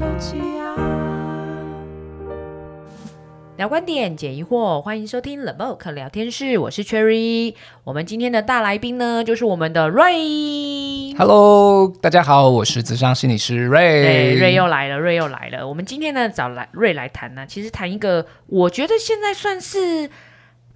啊、聊觀點，解疑惑，歡迎收聽《LIVORK》聊天室，我是 Cherry。我們今天的大來賓呢，就是我們的 Ray。Hello，大家好，我是諮商心理師 Ray。 對，Ray 又來了，Ray 又來了。我們今天呢，找來 Ray 來談呢，其實談一個我覺得現在算是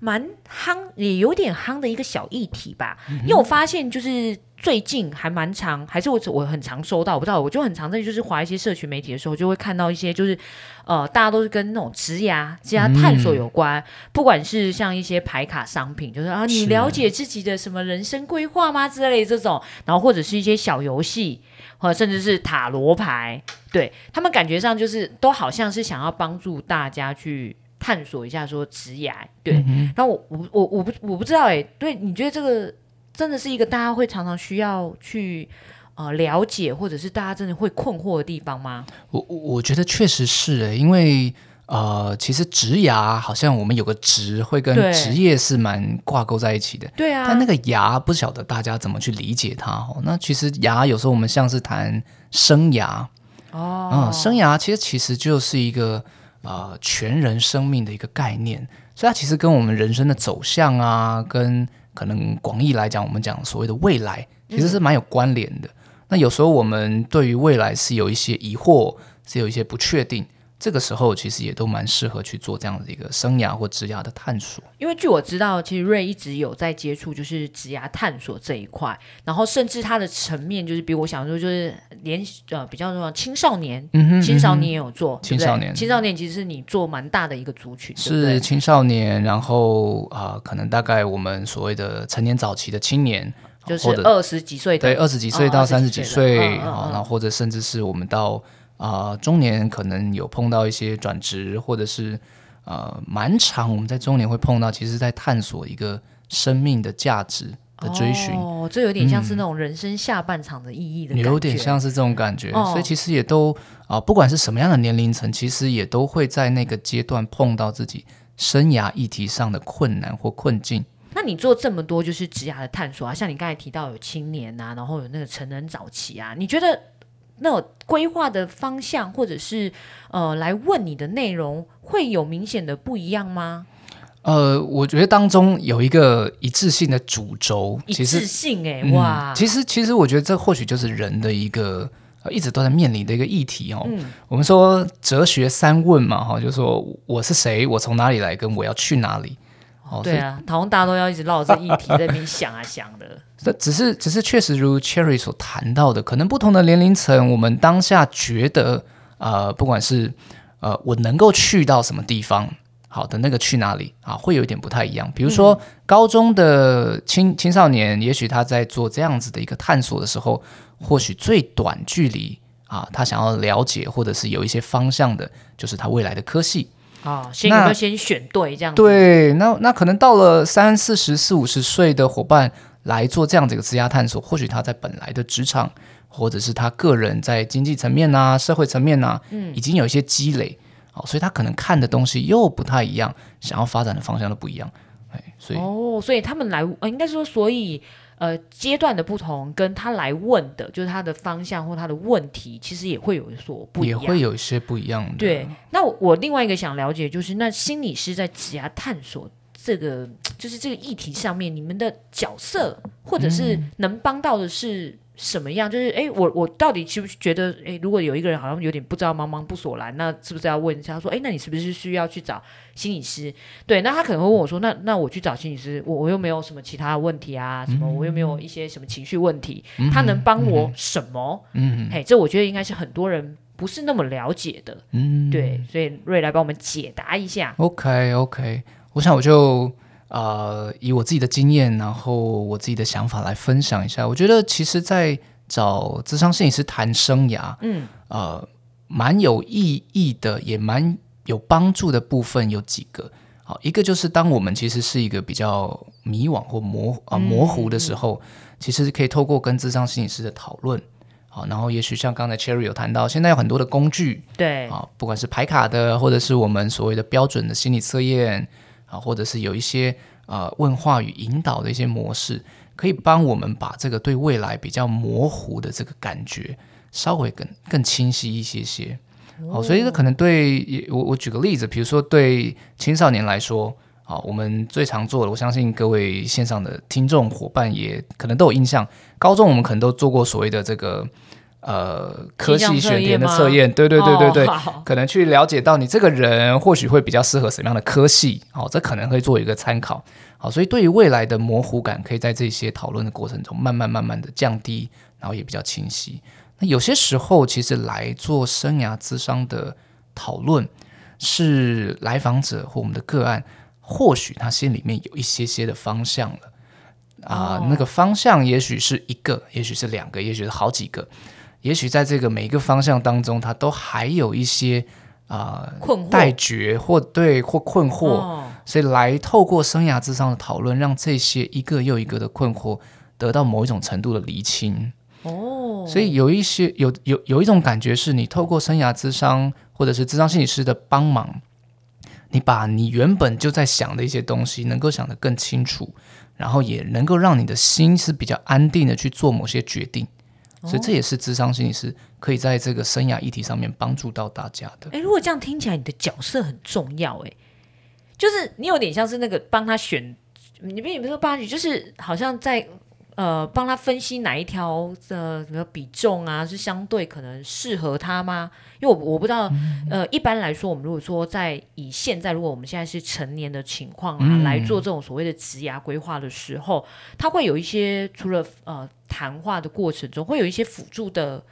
蠻夯，也有點夯的一個小議題吧。Mm hmm. 因為我發現就是。最近還蠻常，還是我我很常收到，我不知道，我就很常在就是滑一些社群媒體的時候，就會看到一些就是，呃，大家都是跟那種職涯、職涯探索有關，嗯、不管是像一些牌卡商品，就是啊，是你了解自己的什麼人生規劃嗎？之類這種，然後或者是一些小遊戲，或甚至是塔羅牌，對，他們感覺上就是都好像是想要幫助大家去探索一下說職涯，對，嗯、哼然後我我我我不我不知道哎、欸，對，你覺得這個？真的是一個大家會常常需要去呃了解，或者是大家真的會困惑的地方嗎？我我我覺得確實是誒，因為呃，其實職涯，好像我們有個職，會跟職業是蠻掛鈎在一起的，對啊。但那個涯不曉得大家怎麼去理解它哦。啊、那其實涯有時候我們像是談生涯哦、嗯，生涯其實其實就是一個呃全人生命的一個概念，所以它其實跟我們人生的走向啊跟。可能廣義來講，我們講所謂的未來，其實是蠻有關聯的。嗯。那有時候我們對於未來是有一些疑惑，是有一些不確定。這個時候其實也都蠻適合去做這樣子一個生涯或職涯的探索，因為據我知道，其實瑞一直有在接觸就是職涯探索這一塊，然後甚至它的層面就是比我想說就是連呃比較重要青少年，嗯，哼嗯哼青少年也有做，青少年，對對青少年其實是你做蠻大的一個族群，是青少年，對對嗯、然後啊、呃，可能大概我們所謂的成年早期的青年，就是二十幾，幾，幾歲，對、哦，二十幾歲到三十幾歲啊，嗯嗯嗯、然後或者甚至是我們到。啊、呃，中年可能有碰到一些轉職，或者是，呃，蠻長。我們在中年會碰到，其實，在探索一個生命的、價值的追尋。哦，這有點像是那種人生下半場的意義的感覺、嗯。有點像是這種感覺。嗯、所以其實也都啊、呃，不管是什麼樣的年齡層，其實也都會在那個階段碰到自己生涯議題上的困難或困境。那你做這麼多就是職涯的探索啊，像你剛才提到有青年啊，然後有那個成人早期啊，你覺得？那種規劃的方向，或者是呃，來問你的內容，會有明顯的不一樣嗎？呃，我覺得當中有一個一致性的主軸，一致性哎、嗯、哇！其實，其實我覺得這或許就是人的一個一直都在面臨的一個議題哦。嗯、我們說哲學三問嘛哈，就是、說我是誰，我從哪裡來，跟我要去哪裡？哦，對啊，好像以大家都要一直繞著議題在那邊想啊想的。 只是，只是確實如 Cherry 所談到的，可能不同的年齡層，我們當下覺得，呃，不管是呃，我能夠去到什麼地方，好的那個去哪裡啊，會有一點不太一樣。比如說高中的青、嗯、青少年，也許他在做這樣子的一個探索的時候，或許最短距離啊，他想要了解或者是有一些方向的，就是他未來的科系啊、哦，先要先選對那這樣子。對，那那可能到了三四十四五十歲的夥伴。來做這樣的一個職涯探索，或許他在本來的職場，或者是他個人在經濟層面啊、社會層面啊，嗯，已經有一些積累，好、嗯哦，所以他可能看的東西又不太一樣，想要發展的方向都不一樣，哎，所以哦，所以他們來，呃，應該說，所以呃，階段的不同，跟他來問的，就是他的方向或他的問題，其實也會有所不一樣，也會有一些不一樣的。對，那我，我另外一個想了解就是，那心理師在職涯探索。 這個就是這個議題上面，你們的角色或者是能幫到的是什麼樣？嗯、就是哎，我我到底是不是覺得，哎，如果有一個人好像有點不知道茫茫不所然，那是不是要問一下他說，哎，那你是不是需要去找心理師？對，那他可能會問我說，那那我去找心理師，我我又沒有什麼其他的問題啊，什麼我又沒有一些什麼情緒問題，嗯、他能幫我什麼？嗯嗯，嘿，這我覺得應該是很多人不是那麼了解的。嗯，對，所以瑞來幫我們解答一下。OK OK。我想我就啊、呃、以我自己的經驗，然後我自己的想法來分享一下。我覺得其實，在找諮商心理師談生涯，嗯，呃，蠻有意義的，也蠻有幫助的部分有幾個。好，一個就是當我們其實是一個比較迷惘或模啊、呃、模糊的時候，嗯、其實可以透過跟諮商心理師的討論，好，然後也許像剛才 Cherry 有談到，現在有很多的工具，對，啊，不管是牌卡的，或者是我們所謂的標準的心理測驗。啊，或者是有一些啊、呃、問話與引導的一些模式，可以幫我們把這個對未來比較模糊的這個感覺稍微更更清晰一些些。哦，所以這可能對我，我舉個例子，比如說對青少年來說，啊、哦，我們最常做的，我相信各位線上的聽眾夥伴也可能都有印象，高中我們可能都做過所謂的這個。呃，科系選填的測驗，對對對對對，oh, 可能去了解到你這個人或許會比較適合什麼樣的科系，好、哦，這可能會做一個參考。好，所以對於未來的模糊感，可以在這些討論的過程中慢慢慢慢的降低，然後也比較清晰。那有些時候，其實來做生涯諮商的討論，是來訪者或我們的個案，或許他心裡面有一些些的方向了，啊、呃，oh. 那個方向也許是一個，也許是兩個，也許是好幾個。也許在這個每一個方向當中，它都還有一些啊、呃、困惑、待決或對或困惑，哦、所以來透過生涯諮商的討論，讓這些一個又一個的困惑得到某一種程度的釐清。哦，所以有一些有有有一種感覺，是你透過生涯諮商或者是諮商心理師的幫忙，你把你原本就在想的一些東西，能夠想得更清楚，然後也能夠讓你的心是比較安定的去做某些決定。所以這也是諮商心理師可以在這個生涯議題上面幫助到大家的。哎、哦、欸，如果這樣聽起來，你的角色很重要、欸，哎，就是你有點像是那個幫他選，你不是說幫他選，就是好像在呃幫他分析哪一條的什麼、呃、比重啊，是相對可能適合他嗎？因為我我不知道，嗯、呃，一般來說，我們如果說在以現在，如果我們現在是成年的情況啊，嗯、來做這種所謂的職涯規劃的時候，他會有一些除了呃。談話的過程中會有一些輔助的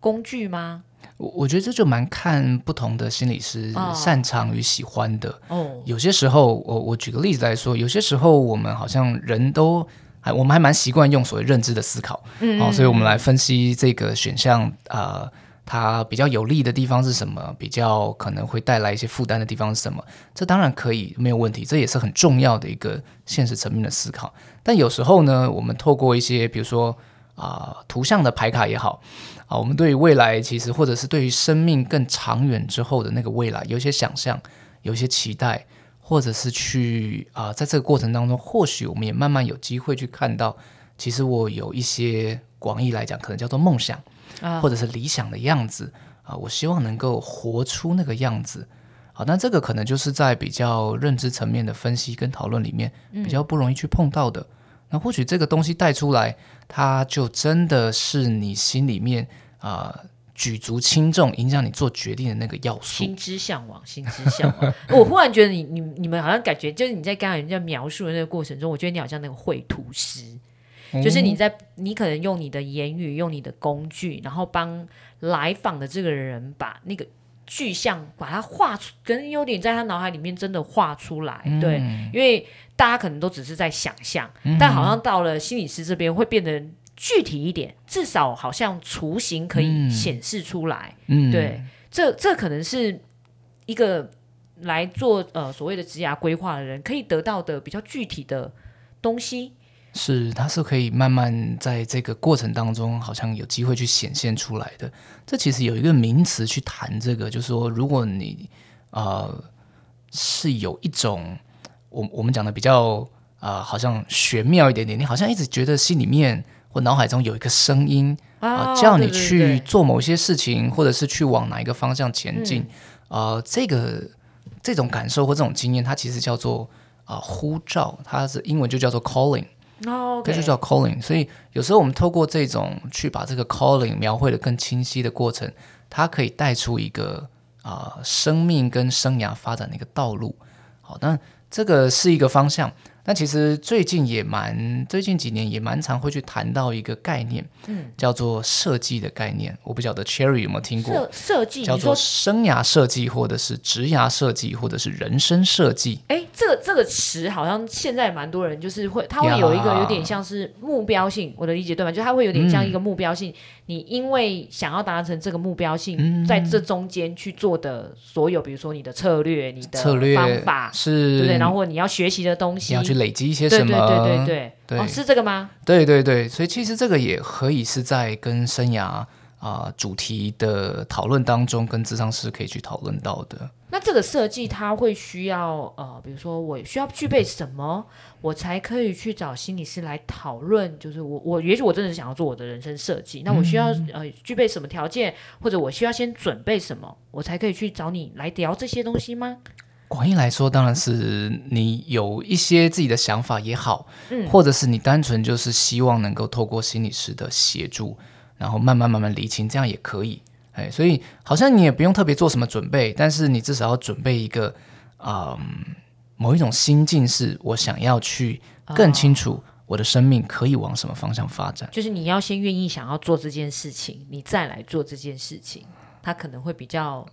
工具嗎？我我覺得這就蠻看不同的心理師擅長與喜歡的。Oh. Oh. 有些時候，我我舉個例子來說，有些時候我們好像人都還，我們還蠻習慣用所謂認知的思考，mm hmm. 好，所以我們來分析這個選項啊。呃它比較有利的地方是什麼？比較可能會帶來一些負擔的地方是什麼？這當然可以，沒有問題，這也是很重要的一個現實層面的思考。但有時候呢，我們透過一些，比如說啊、呃，圖像的牌卡也好，啊，我們對於未來其實或者是對於生命更長遠之後的那個未來，有一些想象，有一些期待，或者是去啊、呃，在這個過程當中，或許我們也慢慢有機會去看到。其實我有一些廣義來講，可能叫做夢想啊，或者是理想的樣子、嗯、啊，我希望能夠活出那個樣子啊。那這個可能就是在比較認知層面的分析跟討論裡面，比較不容易去碰到的。嗯、那或許這個東西帶出來，它就真的是你心裡面啊、呃、舉足輕重，影響你做決定的那個要素。心之嚮往，心之嚮往。 我忽然覺得你你你們好像感覺，就是你在剛才人家描述的那個過程中，我覺得你好像那個繪圖師。就是你在，你可能用你的言語，用你的工具，然後幫來訪的這個人把那個具象，把它畫出跟優點，在他腦海裡面真的畫出來。嗯、對，因為大家可能都只是在想象，嗯、但好像到了心理師這邊會變得具體一點，至少好像雛形可以顯示出來。嗯嗯、對，這這可能是一個來做呃所謂的職涯規劃的人可以得到的比較具體的東西。是，它是可以慢慢在這個過程當中，好像有機會去顯現出來的。這其實有一個名詞去談這個，就是說，如果你啊、呃、是有一種，我我們講的比較啊、呃，好像玄妙一點點，你好像一直覺得心裡面或腦海中有一個聲音啊、oh, 呃，叫你去做某些事情，對對對或者是去往哪一個方向前進啊、嗯呃。這個這種感受或這種經驗，它其實叫做啊、呃、呼召，它是英文就叫做 calling。這、oh, okay. 這就叫 calling，所以有時候我們透過這種去把這個 calling 描繪得更清晰的過程，它可以帶出一個啊、呃、生命跟生涯發展的一個道路。好，那這個是一個方向。那其實最近也蠻最近幾年也蠻常會去談到一個概念，嗯，叫做設計的概念。我不曉得 Cherry 有沒有聽過設計，叫做生涯設計，說或者是職涯設計，或者是人生設計。哎，這個這個詞好像現在蠻多人就是會，它會有一個有點像是目標性，呀我的理解對嗎？就是它會有點像一個目標性，嗯，你因為想要達成這個目標性，嗯，在這中間去做的所有，比如說你的策略、你的方法策略是，對不對，然後你要學習的東西。累積一些什麼？對對對對對，對哦，是這個嗎？對對對，所以其實這個也可以是在跟生涯啊、呃、主題的討論當中，跟諮商師可以去討論到的。那這個設計，它會需要呃，比如說我需要具備什麼，嗯、我才可以去找心理師來討論？就是我我也許我真的想要做我的人生設計，嗯、那我需要呃具備什麼條件，或者我需要先準備什麼，我才可以去找你來聊這些東西嗎？廣義來說，當然是你有一些自己的想法也好，嗯、或者是你單純就是希望能夠透過心理師的協助，然後慢慢慢慢釐清，這樣也可以。哎，所以好像你也不用特別做什麼準備，但是你至少要準備一個，嗯、呃，某一種心境，是我想要去更清楚我的生命可以往什麼方向發展。哦、就是你要先願意想要做這件事情，你再來做這件事情，它可能會比較。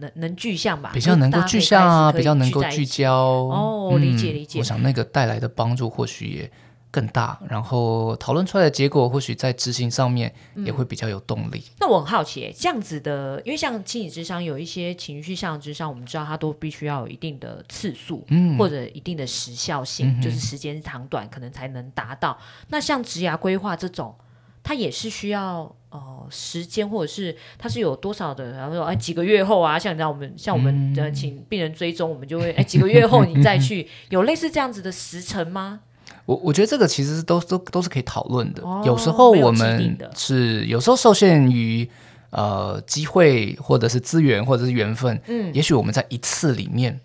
能能具象吧，比較能夠具象啊，比較能夠聚焦、嗯、哦，我理解理解。理解我想那個帶來的幫助或許也更大，然後討論出來的結果或許在執行上面也會比較有動力。嗯、那我很好奇、欸，哎，這樣子的，因為像心理諮商有一些情緒上的諮商，我們知道它都必須要有一定的次數，嗯，或者一定的時效性，嗯、哼就是時間長短可能才能達到。那像職涯規劃這種，它也是需要。哦，時間或者是它是有多少的？然後說哎，幾個月後啊，像你知道我們像我們的請病人追蹤，嗯、我們就會哎，幾個月後你再去 有類似這樣子的時程嗎？我我覺得這個其實都都都是可以討論的。哦、有時候我們是有時候受限於、哦、呃機會或者是資源或者是緣分，嗯、也許我們在一次裡面。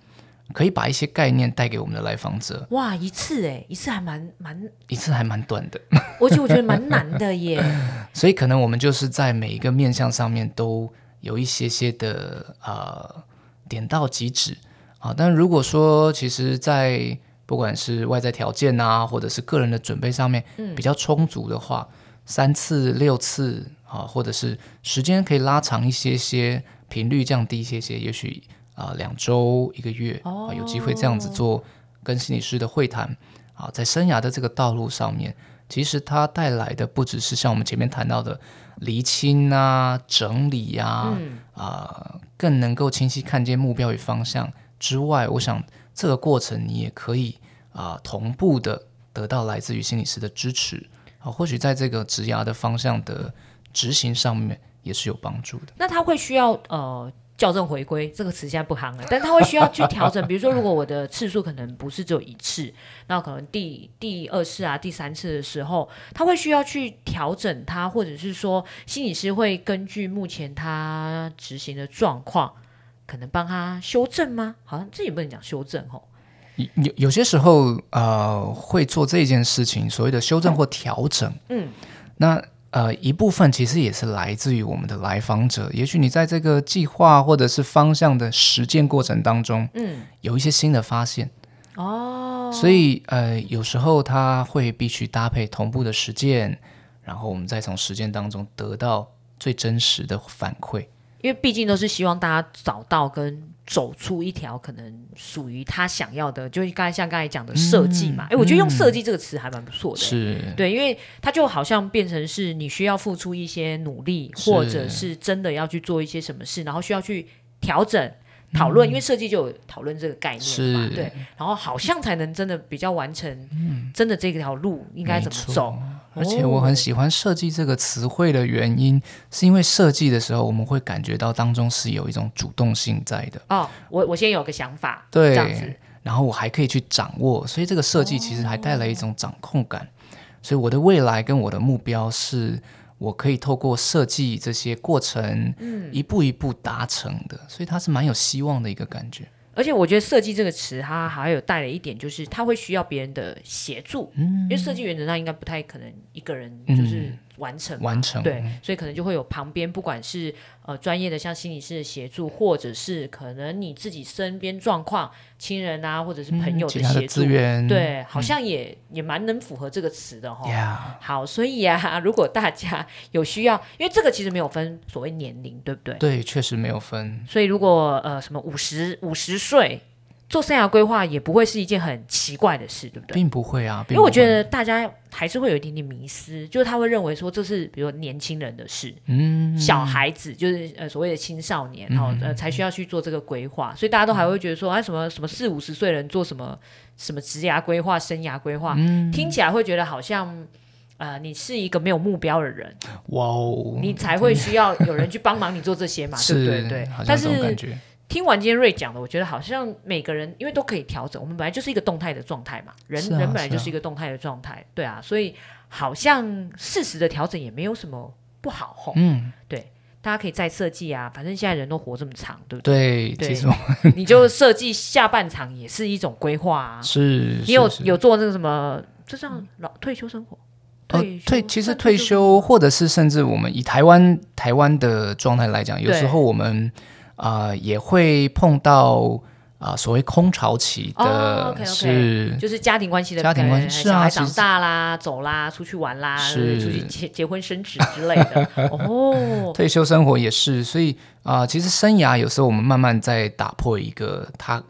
可以把一些概念帶給我們的來訪者。哇，一次哎，一次還蠻蠻，一次還蠻短的，而且我，我覺得蠻難的耶。 所以可能我們就是在每一個面向上面都有一些些的呃點到即止啊。但如果說其實，在不管是外在條件啊，或者是個人的準備上面比較充足的話，嗯、三次六次啊，或者是時間可以拉長一些些，頻率降低一些些，也許。啊、呃，兩週一個月啊、呃，有機會這樣子做跟心理師的會談啊、呃，在生涯的這個道路上面，其實它帶來的不只是像我們前面談到的釐清啊、整理呀啊、嗯呃，更能夠清晰看見目標與方向之外，我想這個過程你也可以啊、呃、同步的得到來自於心理師的支持啊、呃，或許在這個職涯的方向的執行上面也是有幫助的。那他會需要呃。校正回歸這個詞現在不夯了，但他會需要去調整。 比如說，如果我的次數可能不是只有一次，那我可能第第二次啊、第三次的時候，他會需要去調整他或者是說，心理師會根據目前他執行的狀況，可能幫他修正嗎？好、啊、像這也不能講修正哦。有有些時候，呃，會做這件事情，所謂的修正或調整。嗯，嗯那。呃，一部分其實也是來自於我們的來訪者。也許你在這個計劃或者是方向的實踐過程當中，嗯，有一些新的發現哦。所以呃，有時候他會必須搭配同步的實踐，然後我們再從實踐當中得到最真實的反饋。因為畢竟都是希望大家找到跟。走出一條可能屬於他想要的，就剛才像剛才講的設計嘛，哎、嗯，我覺得用設計這個詞還蠻不錯的，嗯、是對，因為它就好像變成是你需要付出一些努力，或者是真的要去做一些什麼事，是然後需要去調整、討論，嗯、因為設計就有討論這個概念嘛，是對，然後好像才能真的比較完成，真的這條路應該怎麼走。嗯而且我很喜歡設計這個詞彙的原因，哦、是因為設計的時候我們會感覺到當中是有一種主動性在的。哦，我我先有個想法，對，這樣子，然後我還可以去掌握，所以這個設計其實還帶來一種掌控感。哦、所以我的未來跟我的目標，是我可以透過設計這些過程，一步一步達成的。嗯、所以它是蠻有希望的一個感覺。而且我覺得“設計”這個詞，它還有帶了一點，就是它會需要別人的協助，嗯，因為設計原則上應該不太可能一個人就是，嗯。完成，完成，完成，對，所以可能就會有旁邊，不管是呃專業的像心理師的協助，或者是可能你自己身邊狀況、親人啊，或者是朋友的協助，嗯、其他的資源，對，好像也、嗯、也蠻能符合這個詞的齁。Yeah. 好，所以啊，如果大家有需要，因為這個其實沒有分所謂年齡，對不對？對，確實沒有分。所以如果呃什麼五十五十歲，做生涯規劃也不會是一件很奇怪的事，對不對？並不會啊，會因為我覺得大家還是會有一點點迷思，就是他會認為說，這是比如年輕人的事，嗯，小孩子就是呃所謂的青少年哦，呃、嗯、然後才需要去做這個規劃，嗯、所以大家都還會覺得說，啊什麼什麼四五十歲人做什麼什麼職涯規劃、生涯規劃，嗯、聽起來會覺得好像呃你是一個沒有目標的人，哇哦，你才會需要有人去幫忙你做這些嘛， 對不對對，好像是這種感覺。聽完今天瑞講的，我覺得好像每個人因為都可以調整，我們本來就是一個動態的狀態嘛，人人本來就是一個動態的狀態，對啊，所以好像適時的調整也沒有什麼不好吼，嗯，對，大家可以再設計啊，反正現在人都活這麼長，對不對？對，其實你就設計下半場也是一種規劃啊，是你有有做那個什麼，就像老退休生活，退其實退休，或者是甚至我們以台灣台灣的狀態來講，有時候我們。啊、呃，也會碰到啊、嗯呃，所謂空巢期的是，是、哦 okay, okay. 就是家庭關係的家庭關係，是啊長大啦，啊、實走啦，出去玩啦，是出去結結婚生子之類的 哦，哦。退休生活也是，所以啊、呃，其實生涯有時候我們慢慢在打破一個它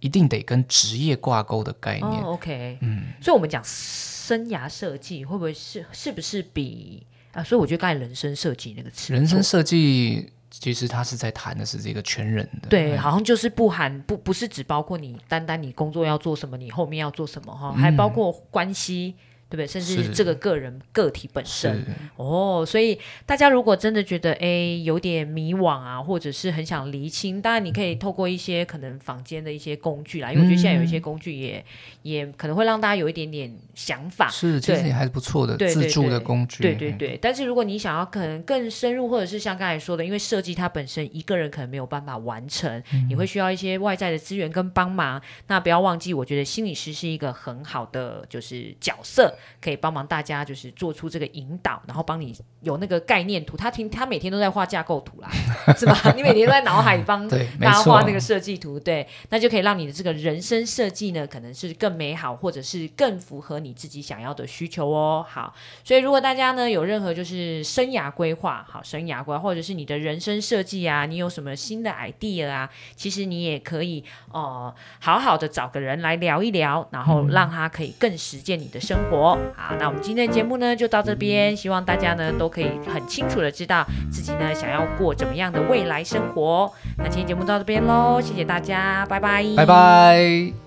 一定得跟職業掛鈎的概念。哦、OK，嗯，所以我們講生涯設計會不會是是不是比啊、呃？所以我覺得剛才人生設計那個詞，哦、人生設計。其實他是在談的是這個全人的，對，嗯、好像就是不含不、不是只包括你單單你工作要做什麼，嗯、你後面要做什麼哈，還包括關係。嗯對不對？甚至是這個個人個體本身哦，是 oh, 所以大家如果真的覺得哎有點迷惘啊，或者是很想釐清，當然你可以透過一些可能坊間的一些工具啦，因為我覺得現在有一些工具也、嗯、也可能會讓大家有一點點想法。是，對其實也還是不錯的，對對對對自助的工具。對，對對對。嗯、但是如果你想要可能更深入，或者是像剛才說的，因為設計它本身一個人可能沒有辦法完成，嗯、你會需要一些外在的資源跟幫忙。那不要忘記，我覺得心理師是一個很好的就是角色。可以幫忙大家就是做出這個引導，然後幫你有那個概念圖。他聽他每天都在畫架構圖啦， 是吧？你每天都在腦海裡幫他畫那個設計圖，對，啊、對，那就可以讓你的這個人生設計呢，可能是更美好，或者是更符合你自己想要的需求哦。好，所以如果大家呢有任何就是生涯規劃，好，生涯規劃或者是你的人生設計啊，你有什麼新的 idea 啊？其實你也可以哦、呃，好好的找個人來聊一聊，然後讓他可以更實踐你的生活。嗯好，那我們今天的節目呢就到這邊，希望大家呢都可以很清楚的知道自己呢想要過怎麼樣的未來生活。那今天節目到這邊嘍，謝謝大家，拜拜，拜拜。